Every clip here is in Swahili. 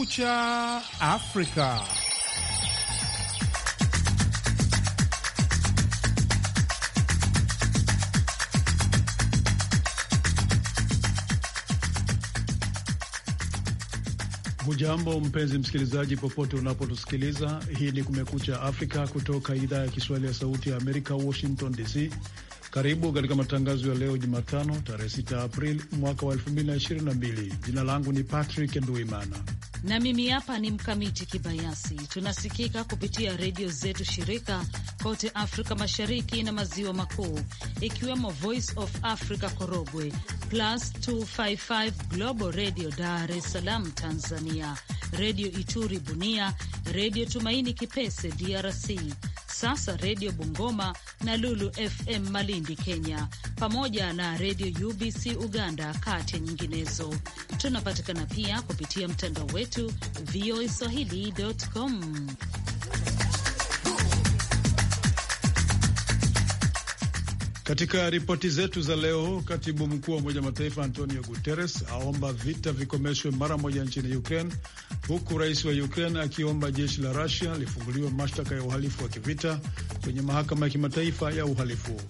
Kumekucha Afrika. Hujambo mpenzi msikilizaji, popote unapotusikiliza. Hii ni Kumekucha Afrika kutoka idhaa ya Kiswahili ya Sauti ya Amerika, Washington DC. Karibu katika matangazo ya leo Jumatano, tarehe 6 Aprili mwaka wa 2022. Jina langu ni Patrick Nduimana na mimi hapa ni Mkamiti Kibayasi. Tunasikika kupitia redio zetu shirika kote Afrika Mashariki na Maziwa Makuu, ikiwemo Voice of Africa Korogwe, Plus 255 Global Radio Dar es Salaam Tanzania, Redio Ituri Bunia, Redio Tumaini Kipese DRC, sasa Redio Bungoma na Lulu FM Malindi, Kenya, pamoja na Redio UBC Uganda, kati ya nyinginezo. Tunapatikana pia kupitia mtandao wetu VOA swahili.com. Katika ripoti zetu za leo, katibu mkuu wa Umoja Mataifa Antonio Guterres aomba vita vikomeshwe mara moja nchini Ukraine huku rais wa Ukraine akiomba jeshi la Rusia lifunguliwe mashtaka ya uhalifu wa kivita kwenye mahakama ya kimataifa ya uhalifu.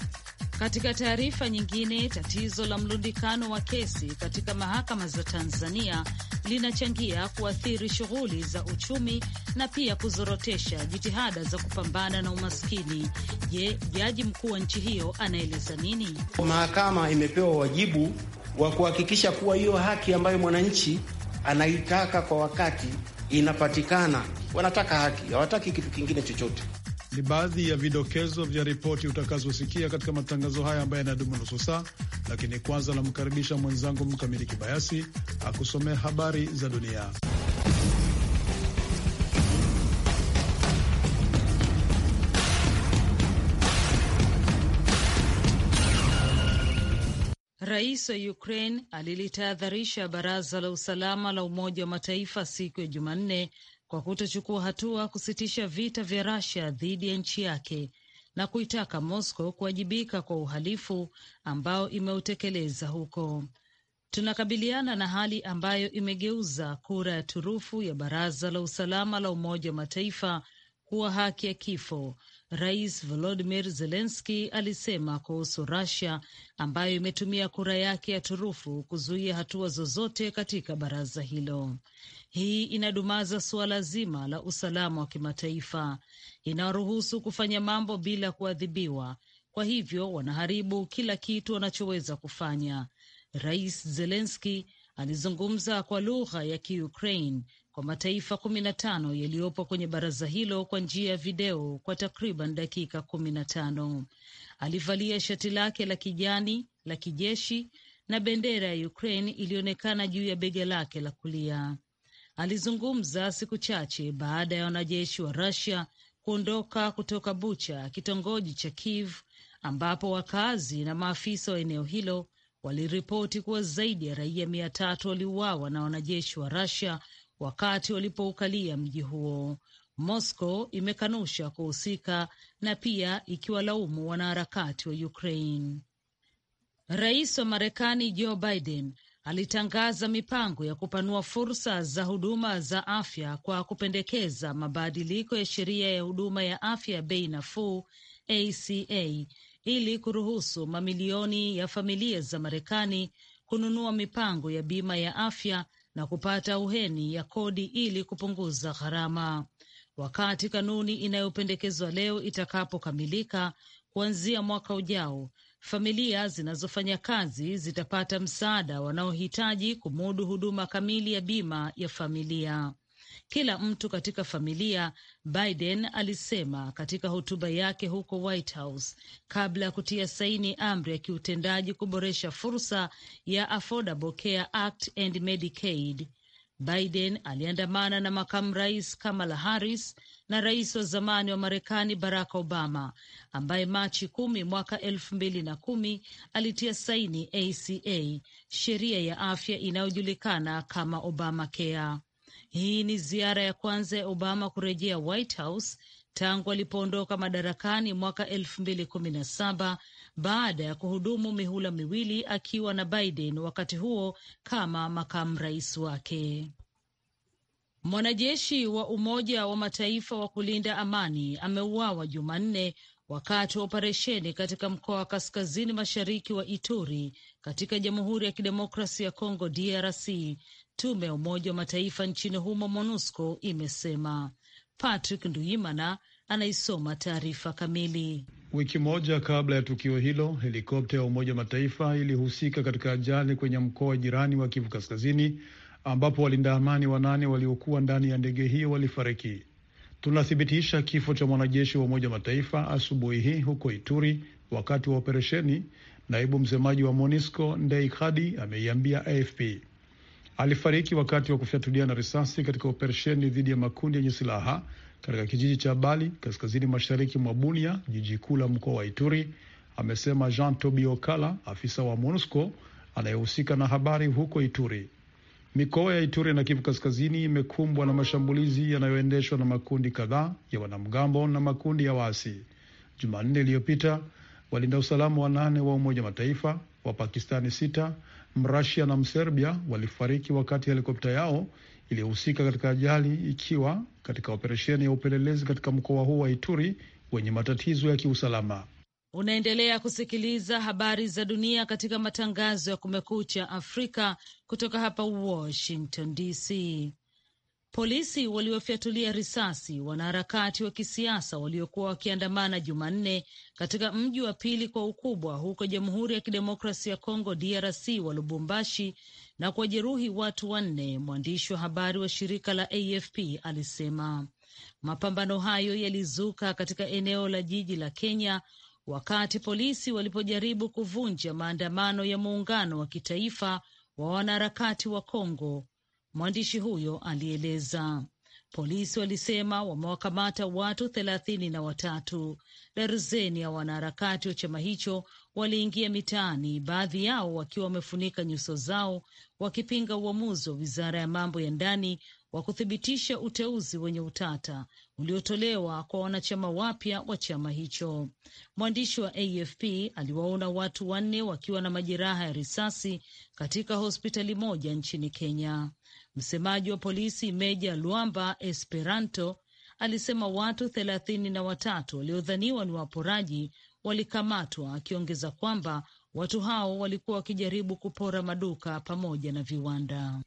Katika taarifa nyingine, tatizo la mlundikano wa kesi katika mahakama za Tanzania linachangia kuathiri shughuli za uchumi na pia kuzorotesha jitihada za kupambana na umaskini. Je, jaji mkuu wa nchi hiyo anaeleza nini? Mahakama imepewa wajibu wa kuhakikisha kuwa hiyo haki ambayo mwananchi anaitaka kwa wakati, inapatikana. Wanataka haki, hawataki kitu kingine chochote. Ni baadhi ya vidokezo vya ripoti utakazosikia katika matangazo haya ambayo yanadumu nusu saa, lakini kwanza namkaribisha mwenzangu Mkamili Kibayasi akusomea habari za dunia. Rais wa Ukraine alilitahadharisha baraza la usalama la Umoja wa Mataifa siku ya Jumanne kwa kutochukua hatua kusitisha vita vya Russia dhidi ya nchi yake na kuitaka Moscow kuwajibika kwa uhalifu ambao imeutekeleza huko. Tunakabiliana na hali ambayo imegeuza kura ya turufu ya Baraza la Usalama la Umoja wa Mataifa kuwa haki ya kifo Rais Volodimir Zelenski alisema kuhusu Russia ambayo imetumia kura yake ya turufu kuzuia hatua zozote katika baraza hilo. Hii inadumaza suala zima la usalama wa kimataifa, inaoruhusu kufanya mambo bila kuadhibiwa, kwa hivyo wanaharibu kila kitu wanachoweza kufanya. Rais zelenski alizungumza kwa lugha ya Kiukraine kwa mataifa kumi na tano yaliyopo kwenye baraza hilo kwa njia ya video kwa takriban dakika kumi na tano. Alivalia shati lake la kijani la kijeshi na bendera ya Ukraine ilionekana juu ya bega lake la kulia. Alizungumza siku chache baada ya wanajeshi wa Russia kuondoka kutoka Bucha, kitongoji cha Kiev, ambapo wakazi na maafisa wa eneo hilo waliripoti kuwa zaidi ya raia mia tatu waliuawa na wanajeshi wa Russia wakati walipoukalia mji huo. Moscow imekanusha kuhusika na pia ikiwalaumu wanaharakati wa Ukraine. Rais wa Marekani Joe Biden alitangaza mipango ya kupanua fursa za huduma za afya kwa kupendekeza mabadiliko ya sheria ya huduma ya afya ya bei nafuu ACA ili kuruhusu mamilioni ya familia za Marekani kununua mipango ya bima ya afya na kupata uheni ya kodi ili kupunguza gharama. Wakati kanuni inayopendekezwa leo itakapokamilika kuanzia mwaka ujao, familia zinazofanya kazi zitapata msaada wanaohitaji kumudu huduma kamili ya bima ya familia kila mtu katika familia, Biden alisema katika hotuba yake huko White House kabla ya kutia saini amri ya kiutendaji kuboresha fursa ya Affordable Care Act and Medicaid. Biden aliandamana na makamu rais Kamala Harris na rais wa zamani wa Marekani Barack Obama ambaye Machi kumi mwaka elfu mbili na kumi alitia saini ACA, sheria ya afya inayojulikana kama Obamacare. Hii ni ziara ya kwanza ya Obama kurejea White House tangu alipoondoka madarakani mwaka elfu mbili kumi na saba baada ya kuhudumu mihula miwili akiwa na Biden, wakati huo kama makamu rais wake. Mwanajeshi wa Umoja wa Mataifa wa kulinda amani ameuawa Jumanne wakati wa operesheni katika mkoa wa kaskazini mashariki wa Ituri katika Jamhuri ya Kidemokrasi ya congo DRC, tume ya Umoja wa Mataifa nchini humo MONUSCO imesema. Patrick nduimana anaisoma taarifa kamili. Wiki moja kabla ya tukio hilo, helikopta ya Umoja wa Mataifa ilihusika katika ajali kwenye mkoa wa jirani wa Kivu Kaskazini, ambapo walinda amani wanane waliokuwa ndani ya ndege hiyo walifariki. Tunathibitisha kifo cha mwanajeshi wa Umoja Mataifa asubuhi hii huko Ituri wakati wa operesheni, naibu msemaji wa MONUSCO Ndei Khadi ameiambia AFP. Alifariki wakati wa kufyatulia na risasi katika operesheni dhidi ya makundi yenye silaha katika kijiji cha Bali kaskazini mashariki mwa Bunia, jiji kuu la mkoa wa Ituri, amesema Jean Tobio Kala, afisa wa MONUSCO anayehusika na habari huko Ituri. Mikoa ya Ituri na Kivu Kaskazini imekumbwa na mashambulizi yanayoendeshwa na makundi kadhaa ya wanamgambo na makundi ya waasi. Jumanne iliyopita walinda usalama wanane wa Umoja Mataifa wa Pakistani sita, Mrasia na Mserbia walifariki wakati helikopta yao iliyohusika katika ajali ikiwa katika operesheni ya upelelezi katika mkoa huu wa Ituri wenye matatizo ya kiusalama. Unaendelea kusikiliza habari za dunia katika matangazo ya Kumekucha Afrika kutoka hapa Washington DC. Polisi waliofyatulia risasi wanaharakati wa kisiasa waliokuwa wakiandamana Jumanne katika mji wa pili kwa ukubwa huko Jamhuri ya Kidemokrasi ya Kongo DRC wa Lubumbashi na kuwajeruhi watu wanne, mwandishi wa habari wa shirika la AFP alisema. Mapambano hayo yalizuka katika eneo la jiji la Kenya wakati polisi walipojaribu kuvunja maandamano ya muungano wa kitaifa wa wanaharakati wa Kongo. Mwandishi huyo alieleza polisi walisema wamewakamata watu thelathini na watatu. Darzeni ya wanaharakati wa chama hicho waliingia mitaani, baadhi yao wakiwa wamefunika nyuso zao wakipinga uamuzi wa wizara ya mambo ya ndani wa kuthibitisha uteuzi wenye utata uliotolewa kwa wanachama wapya wa chama hicho. Mwandishi wa AFP aliwaona watu wanne wakiwa na majeraha ya risasi katika hospitali moja nchini Kenya. Msemaji wa polisi Meja Luamba Esperanto alisema watu thelathini na watatu waliodhaniwa ni waporaji walikamatwa, akiongeza kwamba watu hao walikuwa wakijaribu kupora maduka pamoja na viwanda.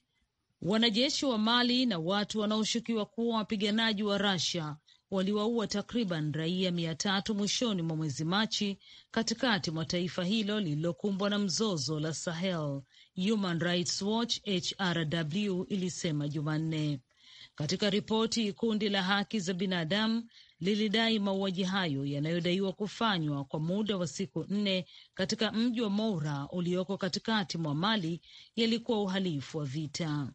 Wanajeshi wa Mali na watu wanaoshukiwa kuwa wapiganaji wa Russia waliwaua takriban raia mia tatu mwishoni mwa mwezi Machi katikati mwa taifa hilo lililokumbwa na mzozo la Sahel, Human Rights Watch HRW ilisema Jumanne. Katika ripoti, kundi la haki za binadamu lilidai mauaji hayo yanayodaiwa kufanywa kwa muda wa siku nne katika mji wa Moura ulioko katikati mwa Mali yalikuwa uhalifu wa vita.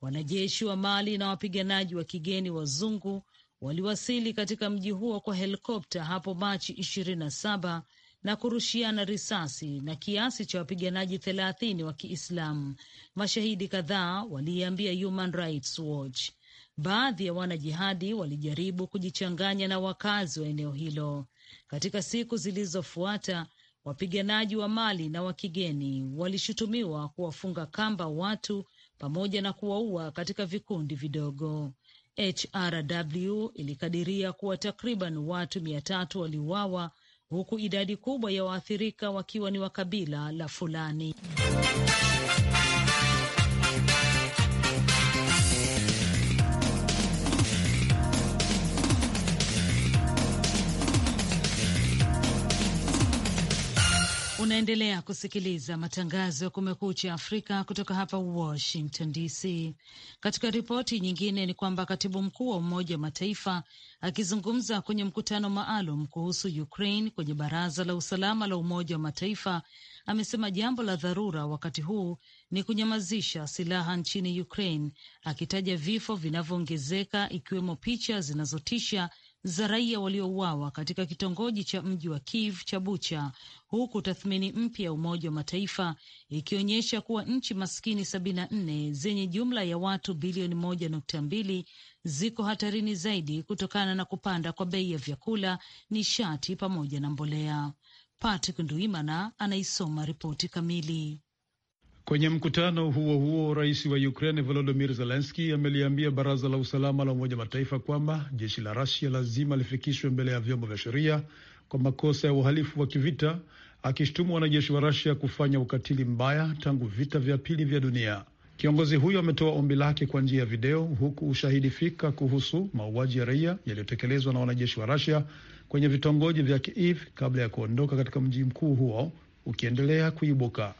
Wanajeshi wa Mali na wapiganaji wa kigeni wazungu waliwasili katika mji huo kwa helikopta hapo Machi ishirini na saba na kurushiana risasi na kiasi cha wapiganaji thelathini wa Kiislamu. Mashahidi kadhaa waliiambia Human Rights Watch Baadhi ya wanajihadi walijaribu kujichanganya na wakazi wa eneo hilo. Katika siku zilizofuata, wapiganaji wa Mali na wa kigeni walishutumiwa kuwafunga kamba watu pamoja na kuwaua katika vikundi vidogo. HRW ilikadiria kuwa takriban watu mia tatu waliuawa huku idadi kubwa ya waathirika wakiwa ni wa kabila la Fulani. Unaendelea kusikiliza matangazo ya Kumekucha Afrika kutoka hapa Washington DC. Katika ripoti nyingine ni kwamba katibu mkuu wa Umoja wa Mataifa akizungumza kwenye mkutano maalum kuhusu Ukraine kwenye Baraza la Usalama la Umoja wa Mataifa amesema jambo la dharura wakati huu ni kunyamazisha silaha nchini Ukraine, akitaja vifo vinavyoongezeka ikiwemo picha zinazotisha za raia waliouawa katika kitongoji cha mji wa Kiev cha Bucha, huku tathmini mpya ya Umoja wa Mataifa ikionyesha kuwa nchi maskini sabini na nne zenye jumla ya watu bilioni moja nukta mbili ziko hatarini zaidi kutokana na kupanda kwa bei ya vyakula, nishati pamoja na mbolea. Patrick Nduimana anaisoma ripoti kamili. Kwenye mkutano huo huo, rais wa Ukraine Volodymyr Zelensky ameliambia baraza la usalama la Umoja Mataifa kwamba jeshi la Rasia lazima lifikishwe mbele ya vyombo vya sheria kwa makosa ya uhalifu wa kivita, akishtumu wanajeshi wa Rasia kufanya ukatili mbaya tangu vita vya pili vya dunia. Kiongozi huyo ametoa ombi lake kwa njia ya video, huku ushahidi fika kuhusu mauaji ya raia yaliyotekelezwa na wanajeshi wa Rasia kwenye vitongoji vya Kiev kabla ya kuondoka katika mji mkuu huo ukiendelea kuibuka.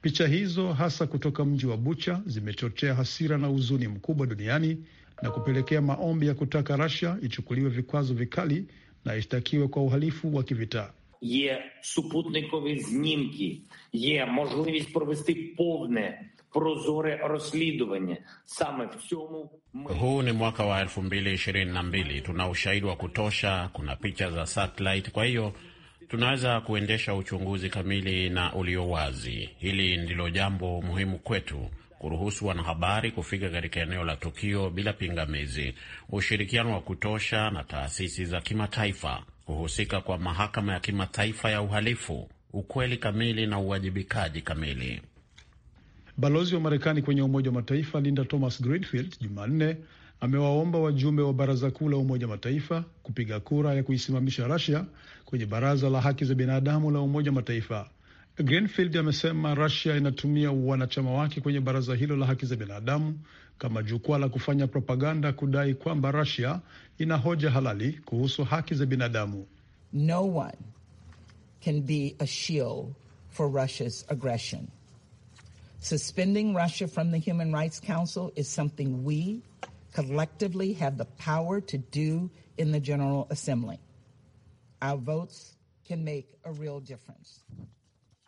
Picha hizo hasa kutoka mji wa Bucha zimechochea hasira na huzuni mkubwa duniani na kupelekea maombi ya kutaka Russia ichukuliwe vikwazo vikali na ishtakiwe kwa uhalifu wa kivita. Є супутникові знімки, є можливість провести повне прозоре розслідування. Саме в цьому ми... Huu ni mwaka wa elfu mbili ishirini na mbili. Tuna ushahidi wa kutosha, kuna picha za satellite, kwa hiyo tunaweza kuendesha uchunguzi kamili na ulio wazi. Hili ndilo jambo muhimu kwetu, kuruhusu wanahabari kufika katika eneo la tukio bila pingamizi, ushirikiano wa kutosha na taasisi za kimataifa, kuhusika kwa mahakama ya kimataifa ya uhalifu, ukweli kamili na uwajibikaji kamili. Balozi wa Marekani kwenye Umoja wa Mataifa Linda Thomas Greenfield Jumanne amewaomba wajumbe wa baraza kuu la Umoja Mataifa kupiga kura ya kuisimamisha rasia kwenye baraza la haki za binadamu la Umoja Mataifa. Greenfield amesema rasia inatumia wanachama wake kwenye baraza hilo la haki za binadamu kama jukwaa la kufanya propaganda, kudai kwamba rasia ina hoja halali kuhusu haki za binadamu. No one can be a shield for Russia's aggression. Suspending Russia from the Human Rights Council is something we collectively have the power to do in the General Assembly. Our votes can make a real difference.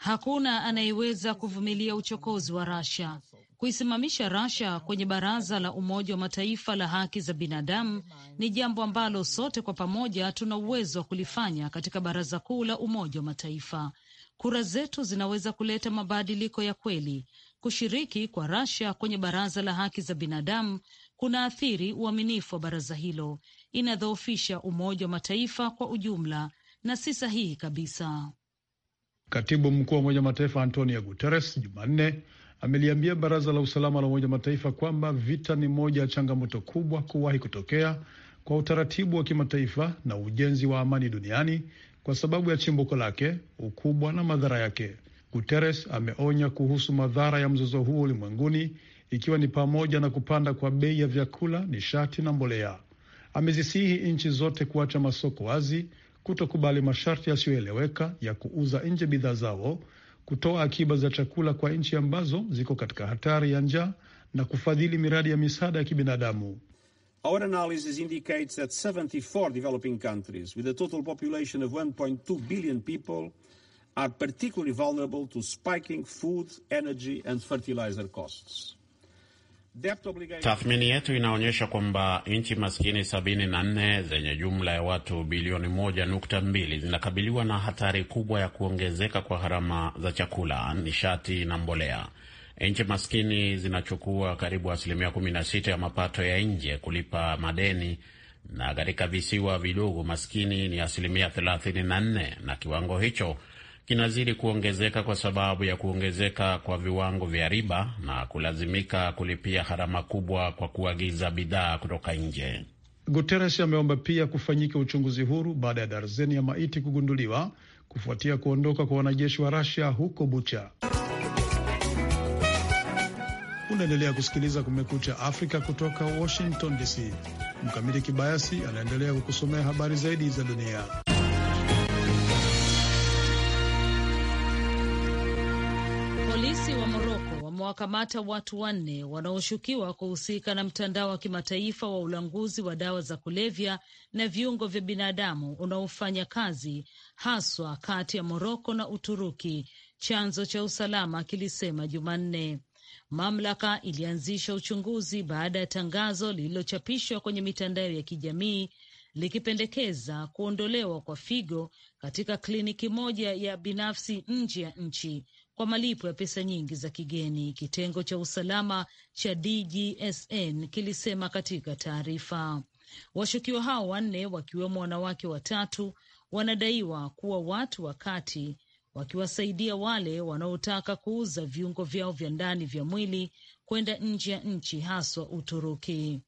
Hakuna anayeweza kuvumilia uchokozi wa Russia. Kuisimamisha Russia kwenye Baraza la Umoja wa Mataifa la Haki za Binadamu ni jambo ambalo sote kwa pamoja tuna uwezo wa kulifanya katika Baraza Kuu la Umoja wa Mataifa. Kura zetu zinaweza kuleta mabadiliko ya kweli. Kushiriki kwa Russia kwenye Baraza la Haki za Binadamu kunaathiri uaminifu wa baraza hilo, inadhoofisha Umoja wa Mataifa kwa ujumla na si sahihi kabisa. Katibu mkuu wa Umoja wa Mataifa Antonio Guterres Jumanne ameliambia baraza la usalama la Umoja wa Mataifa kwamba vita ni moja ya changamoto kubwa kuwahi kutokea kwa utaratibu wa kimataifa na ujenzi wa amani duniani kwa sababu ya chimbuko lake, ukubwa na madhara yake. Guterres ameonya kuhusu madhara ya mzozo huo ulimwenguni ikiwa ni pamoja na kupanda kwa bei ya vyakula, nishati na mbolea. Amezisihi nchi zote kuacha masoko wazi, kutokubali masharti yasiyoeleweka ya kuuza nje bidhaa zao, kutoa akiba za chakula kwa nchi ambazo ziko katika hatari ya njaa na kufadhili miradi ya misaada ya kibinadamu. Our analysis indicates that 74 developing countries with a total population of 1.2 billion people are particularly vulnerable to spiking food, energy and fertilizer costs. Tathmini yetu inaonyesha kwamba nchi maskini 74 zenye jumla ya watu bilioni 1.2 zinakabiliwa na hatari kubwa ya kuongezeka kwa gharama za chakula, nishati na mbolea. Nchi maskini zinachukua karibu asilimia 16 ya mapato ya nje kulipa madeni, na katika visiwa vidogo maskini ni asilimia 34, na kiwango hicho kinazidi kuongezeka kwa sababu ya kuongezeka kwa viwango vya riba na kulazimika kulipia gharama kubwa kwa kuagiza bidhaa kutoka nje. Guterres ameomba pia kufanyika uchunguzi huru baada ya darzeni ya maiti kugunduliwa kufuatia kuondoka kwa wanajeshi wa Russia huko Bucha. Unaendelea kusikiliza Kumekucha Afrika kutoka Washington DC. Mkamili Kibayasi anaendelea kukusomea habari zaidi za dunia. Polisi wa Moroko wamewakamata watu wanne wanaoshukiwa kuhusika na mtandao wa kimataifa wa ulanguzi wa dawa za kulevya na viungo vya binadamu unaofanya kazi haswa kati ya Moroko na Uturuki, chanzo cha usalama kilisema Jumanne. Mamlaka ilianzisha uchunguzi baada ya tangazo lililochapishwa kwenye mitandao ya kijamii likipendekeza kuondolewa kwa figo katika kliniki moja ya binafsi nje ya nchi kwa malipo ya pesa nyingi za kigeni, kitengo cha usalama cha DGSN kilisema katika taarifa. Washukiwa hao wanne, wakiwemo wanawake watatu, wanadaiwa kuwa watu wa kati, wakiwasaidia wale wanaotaka kuuza viungo vyao vya ndani vya mwili kwenda nje ya nchi, haswa Uturuki.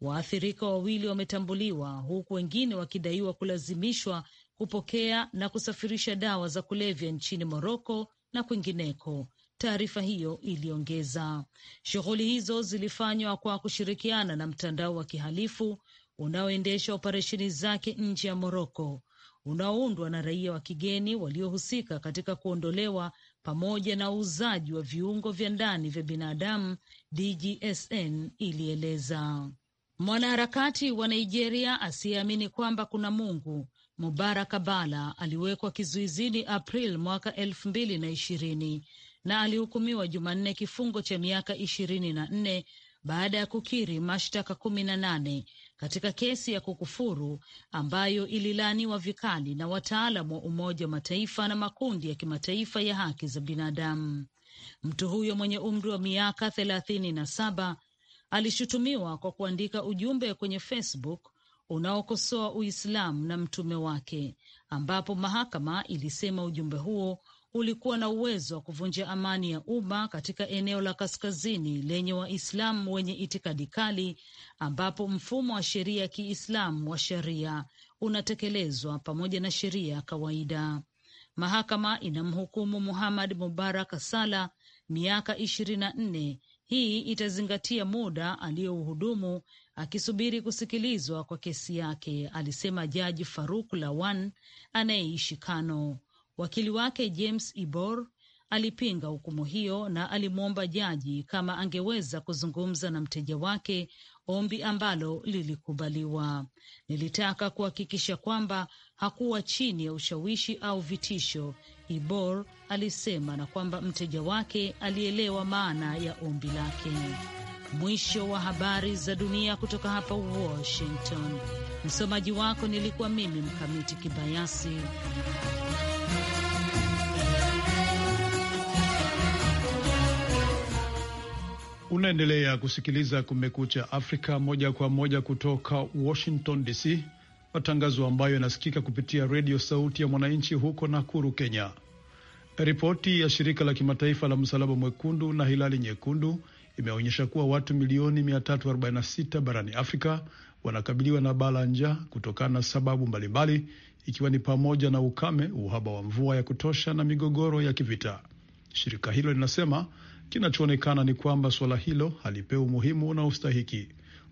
Waathirika wawili wametambuliwa huku wengine wakidaiwa kulazimishwa kupokea na kusafirisha dawa za kulevya nchini Moroko na kwingineko, taarifa hiyo iliongeza. Shughuli hizo zilifanywa kwa kushirikiana na mtandao wa kihalifu unaoendesha operesheni zake nje ya Moroko unaoundwa na raia wa kigeni waliohusika katika kuondolewa pamoja na uuzaji wa viungo vya ndani vya binadamu, DGSN ilieleza. Mwanaharakati wa Nigeria asiyeamini kwamba kuna Mungu Mubarak bala aliwekwa kizuizini April mwaka elfu mbili na ishirini na alihukumiwa Jumanne kifungo cha miaka ishirini na nne baada ya kukiri mashtaka kumi na nane katika kesi ya kukufuru ambayo ililaaniwa vikali na wataalam wa Umoja wa Mataifa na makundi ya kimataifa ya haki za binadamu. Mtu huyo mwenye umri wa miaka thelathini na saba alishutumiwa kwa kuandika ujumbe kwenye Facebook unaokosoa Uislamu na mtume wake, ambapo mahakama ilisema ujumbe huo ulikuwa na uwezo wa kuvunja amani ya umma katika eneo la kaskazini lenye Waislamu wenye itikadi kali, ambapo mfumo wa sheria ya Kiislamu wa sharia unatekelezwa pamoja na sheria ya kawaida. Mahakama inamhukumu Muhammad Mubarak Sala miaka ishirini na nne. Hii itazingatia muda aliyouhudumu akisubiri kusikilizwa kwa kesi yake, alisema Jaji Faruk Lawan anayeishi Kano. Wakili wake James Ibor alipinga hukumu hiyo na alimwomba jaji kama angeweza kuzungumza na mteja wake, ombi ambalo lilikubaliwa. Nilitaka kuhakikisha kwamba hakuwa chini ya ushawishi au vitisho, Ibor alisema, na kwamba mteja wake alielewa maana ya ombi lake. Mwisho wa habari za dunia kutoka hapa Washington. Msomaji wako nilikuwa mimi Mkamiti Kibayasi. Unaendelea kusikiliza Kumekucha Afrika moja kwa moja kutoka Washington DC, matangazo ambayo yanasikika kupitia redio Sauti ya Mwananchi huko Nakuru, Kenya. Ripoti ya shirika la kimataifa la Msalaba Mwekundu na Hilali Nyekundu imeonyesha kuwa watu milioni 346 barani Afrika wanakabiliwa na baa la njaa kutokana na sababu mbalimbali, ikiwa ni pamoja na ukame, uhaba wa mvua ya kutosha na migogoro ya kivita. Shirika hilo linasema kinachoonekana ni kwamba suala hilo halipewi umuhimu unaostahiki.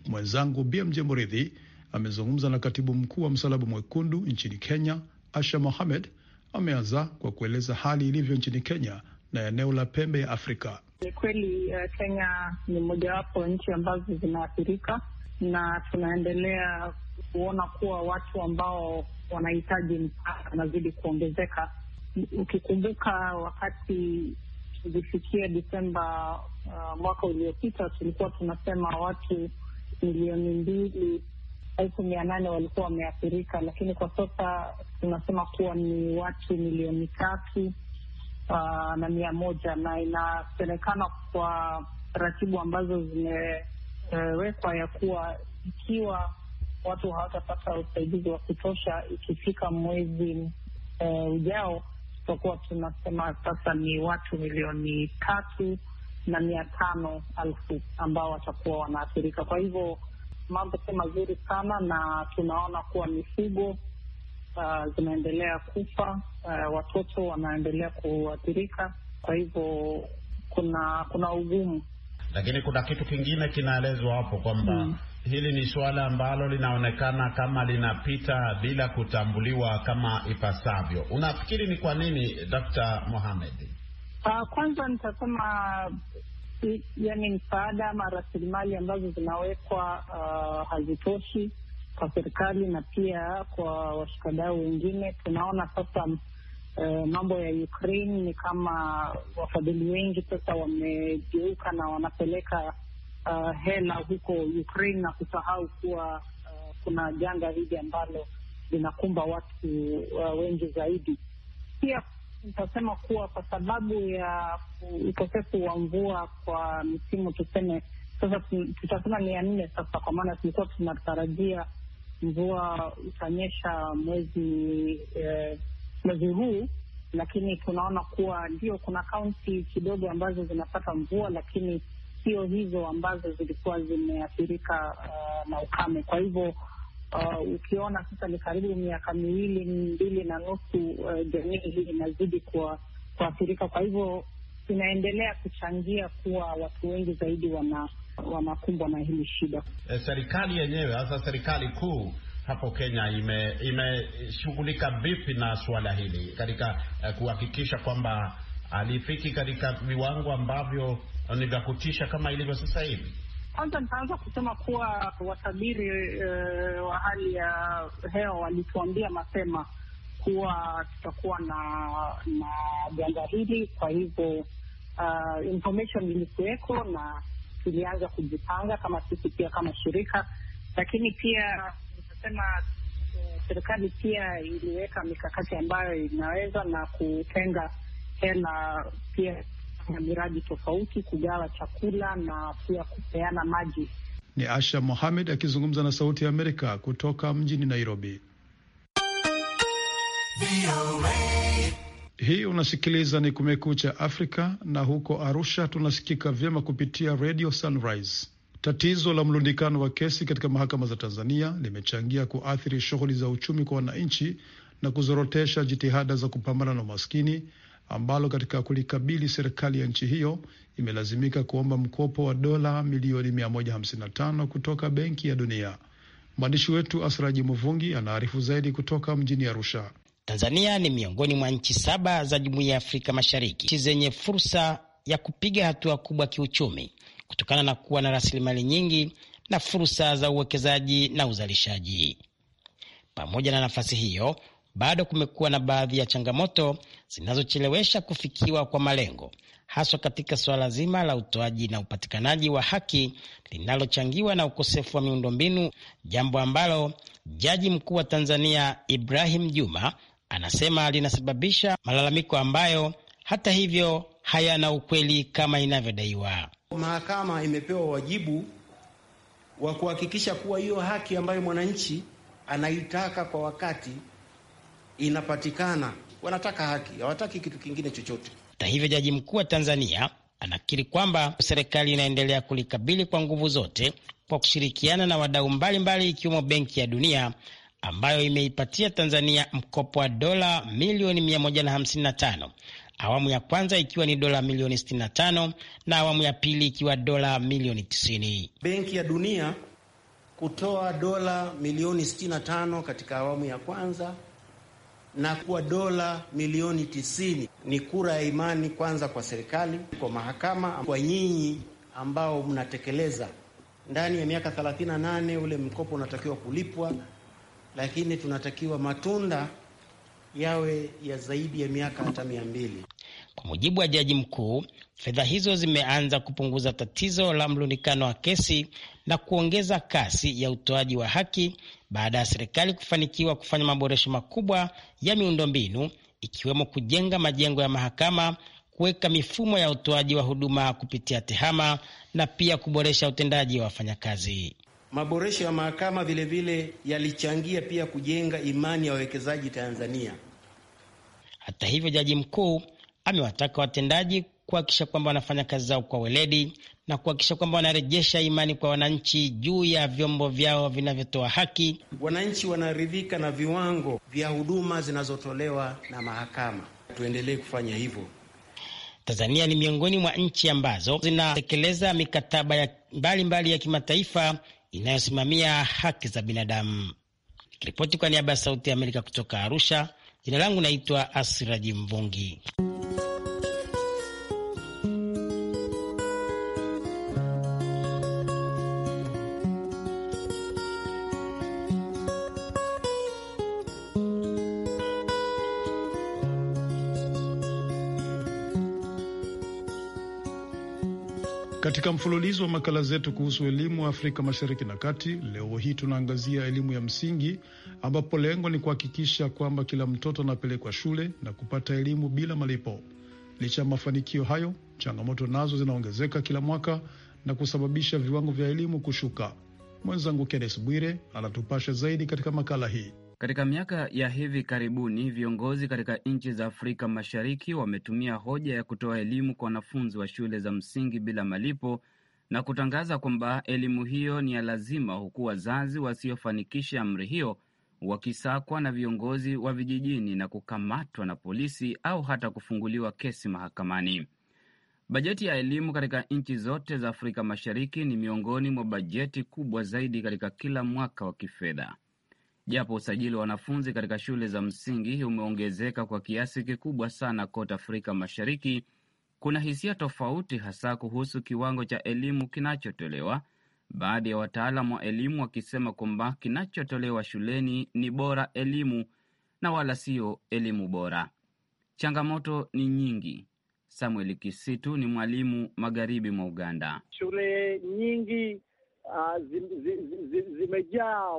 Mwenzangu BMJ Muridhi amezungumza na katibu mkuu wa Msalaba Mwekundu nchini Kenya, Asha Mohamed. Ameanza kwa kueleza hali ilivyo nchini Kenya na eneo la pembe ya Afrika. Ni kweli uh, Kenya ni mojawapo nchi ambazo zinaathirika na tunaendelea kuona kuwa watu ambao wanahitaji msaada wanazidi kuongezeka. Ukikumbuka wakati tulifikia Desemba uh, mwaka uliopita tulikuwa tunasema watu milioni mbili elfu mia nane walikuwa wameathirika, lakini kwa sasa tunasema kuwa ni watu milioni tatu uh, na mia moja na inasemekana kwa taratibu ambazo zimewekwa ya kuwa ikiwa watu hawatapata usaidizi wa kutosha ikifika mwezi e, ujao, tutakuwa tunasema sasa ni watu milioni tatu na mia tano elfu ambao watakuwa wanaathirika. Kwa hivyo mambo si mazuri sana, na tunaona kuwa mifugo uh, zinaendelea kufa uh, watoto wanaendelea kuathirika. Kwa hivyo kuna kuna ugumu, lakini kuna kitu kingine kinaelezwa hapo kwamba mm. Hili ni suala ambalo linaonekana kama linapita bila kutambuliwa kama ipasavyo. Unafikiri ni kwa nini, Dr. Mohamed? Uh, kwanza nitasema yani msaada ama rasilimali ambazo zinawekwa uh, hazitoshi kwa serikali na pia kwa washikadau wengine. Tunaona sasa uh, mambo ya Ukraine ni kama wafadhili wengi sasa wamegeuka na wanapeleka uh, hela huko Ukraine na kusahau kuwa uh, kuna janga hili ambalo linakumba watu uh, wengi zaidi. Pia nitasema kuwa kwa sababu ya ukosefu wa mvua kwa msimu tuseme sasa, tutasema ni ya nne sasa, kwa maana tulikuwa tunatarajia mvua utanyesha mwezi eh, mwezi huu, lakini tunaona kuwa ndio kuna kaunti kidogo ambazo zinapata mvua, lakini sio hizo ambazo zilikuwa zimeathirika uh, na ukame. Kwa hivyo uh, ukiona sasa ni karibu miaka miwili mbili na nusu uh, jamii hii inazidi kuathirika kwa, kwa hivyo inaendelea kuchangia kuwa watu wengi zaidi wana wanakumbwa na hili shida. E, serikali yenyewe hasa serikali kuu hapo Kenya imeshughulika ime vipi na suala hili katika eh, kuhakikisha kwamba alifiki katika viwango ambavyo ni vya kutisha kama ilivyo sasa hivi? Kwanza nitaanza kusema kuwa watabiri eh, wa hali ya hewa walituambia mapema kuwa tutakuwa na na janga hili, kwa hivyo uh, information ilikuweko na tulianza kujipanga kama sisi pia kama shirika, lakini pia nasema eh, serikali pia iliweka mikakati ambayo inaweza na kutenga hela pia na miradi tofauti, kugawa chakula na pia kupeana maji. Ni Asha Mohamed akizungumza na Sauti ya Amerika kutoka mjini Nairobi. Hii unasikiliza ni Kumekucha Afrika, na huko Arusha tunasikika vyema kupitia Radio Sunrise. Tatizo la mlundikano wa kesi katika mahakama za Tanzania limechangia kuathiri shughuli za uchumi kwa wananchi na kuzorotesha jitihada za kupambana na umaskini ambalo katika kulikabili serikali ya nchi hiyo imelazimika kuomba mkopo wa dola milioni 155 kutoka Benki ya Dunia. Mwandishi wetu Asraji Muvungi anaarifu zaidi kutoka mjini Arusha. Tanzania ni miongoni mwa nchi saba za Jumuiya ya Afrika Mashariki, nchi zenye fursa ya kupiga hatua kubwa kiuchumi kutokana na kuwa na rasilimali nyingi na fursa za uwekezaji na uzalishaji. Pamoja na nafasi hiyo, bado kumekuwa na baadhi ya changamoto zinazochelewesha kufikiwa kwa malengo, haswa katika suala zima la utoaji na upatikanaji wa haki linalochangiwa na ukosefu wa miundombinu, jambo ambalo Jaji Mkuu wa Tanzania Ibrahim Juma anasema linasababisha malalamiko ambayo hata hivyo hayana ukweli kama inavyodaiwa. Mahakama imepewa wajibu wa kuhakikisha kuwa hiyo haki ambayo mwananchi anaitaka kwa wakati inapatikana. Wanataka haki, hawataki kitu kingine chochote. Hata hivyo, jaji mkuu wa Tanzania anakiri kwamba serikali inaendelea kulikabili kwa nguvu zote kwa kushirikiana na wadau mbalimbali ikiwemo Benki ya Dunia ambayo imeipatia Tanzania mkopo wa dola milioni 155 awamu ya kwanza ikiwa ni dola milioni 65 na awamu ya pili ikiwa dola milioni 90. Benki ya Dunia kutoa dola milioni 65 katika awamu ya kwanza na kuwa dola milioni 90 ni kura ya imani kwanza kwa serikali, kwa mahakama, kwa nyinyi ambao mnatekeleza. Ndani ya miaka 38 ule mkopo unatakiwa kulipwa lakini tunatakiwa matunda yawe ya zaidi ya miaka hata mia mbili. Kwa mujibu wa jaji mkuu, fedha hizo zimeanza kupunguza tatizo la mlundikano wa kesi na kuongeza kasi ya utoaji wa haki baada ya serikali kufanikiwa kufanya maboresho makubwa ya miundombinu ikiwemo kujenga majengo ya mahakama, kuweka mifumo ya utoaji wa huduma kupitia tehama na pia kuboresha utendaji wa wafanyakazi. Maboresho ya mahakama vilevile yalichangia pia kujenga imani ya wawekezaji Tanzania. Hata hivyo, jaji mkuu amewataka watendaji kuhakikisha kwamba wanafanya kazi zao kwa weledi na kuhakikisha kwamba wanarejesha imani kwa wananchi juu ya vyombo vyao vinavyotoa haki. Wananchi wanaridhika na viwango vya huduma zinazotolewa na mahakama. Tuendelee kufanya hivyo. Tanzania ni miongoni mwa nchi ambazo zinatekeleza mikataba mbalimbali ya, mbali mbali ya kimataifa inayosimamia haki za binadamu. Ripoti kwa niaba ya Sauti ya Amerika kutoka Arusha. Jina langu naitwa Asiraji Mvungi. Katika mfululizo wa makala zetu kuhusu elimu Afrika Mashariki na Kati, leo hii tunaangazia elimu ya msingi, ambapo lengo ni kuhakikisha kwamba kila mtoto anapelekwa shule na kupata elimu bila malipo. Licha ya mafanikio hayo, changamoto nazo zinaongezeka kila mwaka na kusababisha viwango vya elimu kushuka. Mwenzangu Kennes Bwire anatupasha zaidi katika makala hii. Katika miaka ya hivi karibuni viongozi katika nchi za Afrika Mashariki wametumia hoja ya kutoa elimu kwa wanafunzi wa shule za msingi bila malipo na kutangaza kwamba elimu hiyo ni ya lazima, huku wazazi wasiofanikisha amri hiyo wakisakwa na viongozi wa vijijini na kukamatwa na polisi au hata kufunguliwa kesi mahakamani. Bajeti ya elimu katika nchi zote za Afrika Mashariki ni miongoni mwa bajeti kubwa zaidi katika kila mwaka wa kifedha japo usajili wa wanafunzi katika shule za msingi umeongezeka kwa kiasi kikubwa sana kote Afrika Mashariki, kuna hisia tofauti, hasa kuhusu kiwango cha elimu kinachotolewa, baadhi ya wataalam wa elimu wakisema kwamba kinachotolewa shuleni ni bora elimu na wala sio elimu bora. Changamoto ni nyingi. Samuel Kisitu ni mwalimu magharibi mwa Uganda. Shule nyingi Ah, zimejaa zi, zi, zi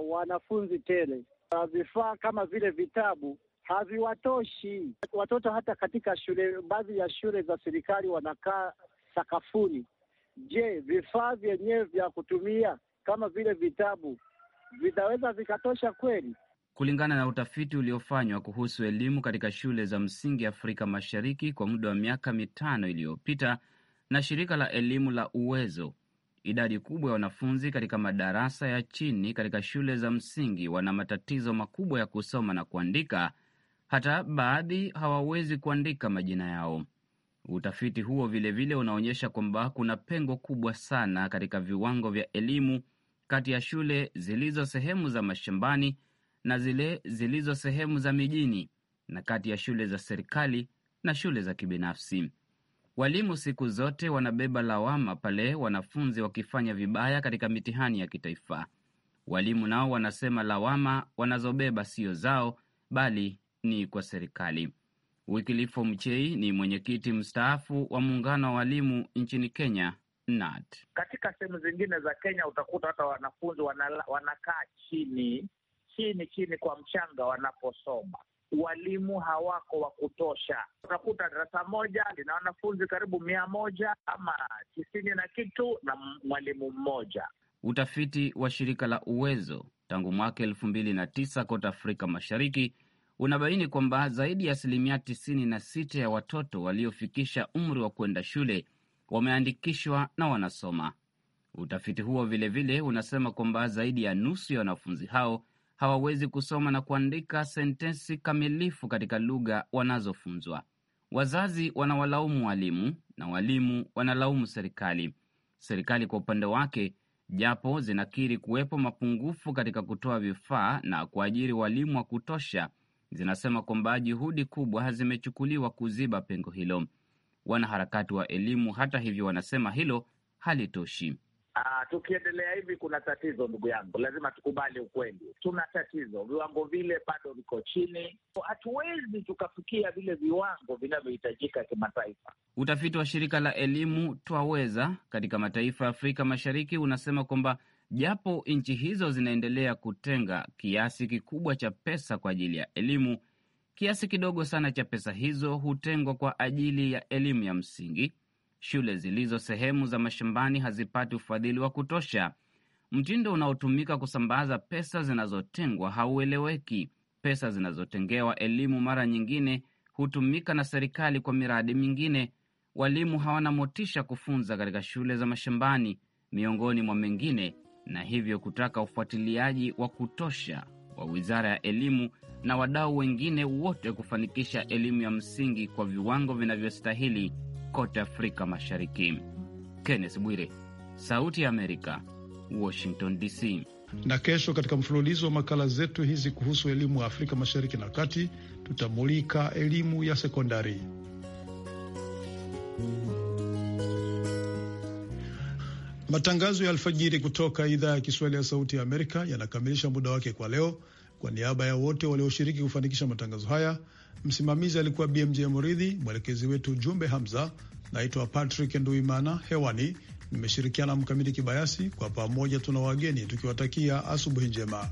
wanafunzi tele. Ah, vifaa kama vile vitabu haviwatoshi watoto. Hata katika shule, baadhi ya shule za serikali wanakaa sakafuni. Je, vifaa vyenyewe vya kutumia kama vile vitabu vitaweza vikatosha kweli? Kulingana na utafiti uliofanywa kuhusu elimu katika shule za msingi Afrika Mashariki kwa muda wa miaka mitano iliyopita na shirika la elimu la Uwezo, Idadi kubwa ya wanafunzi katika madarasa ya chini katika shule za msingi wana matatizo makubwa ya kusoma na kuandika, hata baadhi hawawezi kuandika majina yao. Utafiti huo vilevile vile unaonyesha kwamba kuna pengo kubwa sana katika viwango vya elimu kati ya shule zilizo sehemu za mashambani na zile zilizo sehemu za mijini na kati ya shule za serikali na shule za kibinafsi. Walimu siku zote wanabeba lawama pale wanafunzi wakifanya vibaya katika mitihani ya kitaifa. Walimu nao wanasema lawama wanazobeba sio zao, bali ni kwa serikali. Wikilifo Mchei ni mwenyekiti mstaafu wa muungano wa walimu nchini Kenya. NAT. Katika sehemu zingine za Kenya utakuta hata wanafunzi wanakaa chini chini chini kwa mchanga wanaposoma walimu hawako wa kutosha. Unakuta darasa moja lina wanafunzi karibu mia moja ama tisini na kitu na mwalimu mmoja. Utafiti wa shirika la Uwezo tangu mwaka elfu mbili na tisa kote Afrika Mashariki unabaini kwamba zaidi ya asilimia tisini na sita ya watoto waliofikisha umri wa kwenda shule wameandikishwa na wanasoma. Utafiti huo vilevile vile unasema kwamba zaidi ya nusu ya wanafunzi hao hawawezi kusoma na kuandika sentensi kamilifu katika lugha wanazofunzwa. Wazazi wanawalaumu walimu na walimu wanalaumu serikali. Serikali kwa upande wake, japo zinakiri kuwepo mapungufu katika kutoa vifaa na kuajiri walimu wa kutosha, zinasema kwamba juhudi kubwa zimechukuliwa kuziba pengo hilo. Wanaharakati wa elimu, hata hivyo, wanasema hilo halitoshi. Aa, ah, tukiendelea hivi kuna tatizo ndugu yangu, lazima tukubali ukweli, tuna tatizo. Viwango vile bado viko chini, hatuwezi tukafikia vile viwango vinavyohitajika kimataifa. Utafiti wa shirika la elimu Twaweza katika mataifa ya Afrika Mashariki unasema kwamba japo nchi hizo zinaendelea kutenga kiasi kikubwa cha pesa kwa ajili ya elimu, kiasi kidogo sana cha pesa hizo hutengwa kwa ajili ya elimu ya msingi Shule zilizo sehemu za mashambani hazipati ufadhili wa kutosha. Mtindo unaotumika kusambaza pesa zinazotengwa haueleweki. Pesa zinazotengewa elimu mara nyingine hutumika na serikali kwa miradi mingine. Walimu hawana motisha kufunza katika shule za mashambani, miongoni mwa mengine, na hivyo kutaka ufuatiliaji wa kutosha wa Wizara ya Elimu na wadau wengine wote kufanikisha elimu ya msingi kwa viwango vinavyostahili kote Afrika Mashariki. Kenneth Bwire, Sauti ya Amerika, Washington DC. Na kesho katika mfululizo wa makala zetu hizi kuhusu elimu ya Afrika Mashariki na Kati tutamulika elimu ya sekondari. Matangazo ya alfajiri kutoka idhaa ya Kiswahili ya Sauti ya Amerika yanakamilisha muda wake kwa leo. Kwa niaba ya wote walioshiriki kufanikisha matangazo haya Msimamizi alikuwa BMJ Muridhi, mwelekezi wetu Jumbe Hamza. Naitwa Patrick Nduimana, hewani nimeshirikiana Mkamiti Kibayasi. Kwa pamoja tuna wageni tukiwatakia asubuhi njema.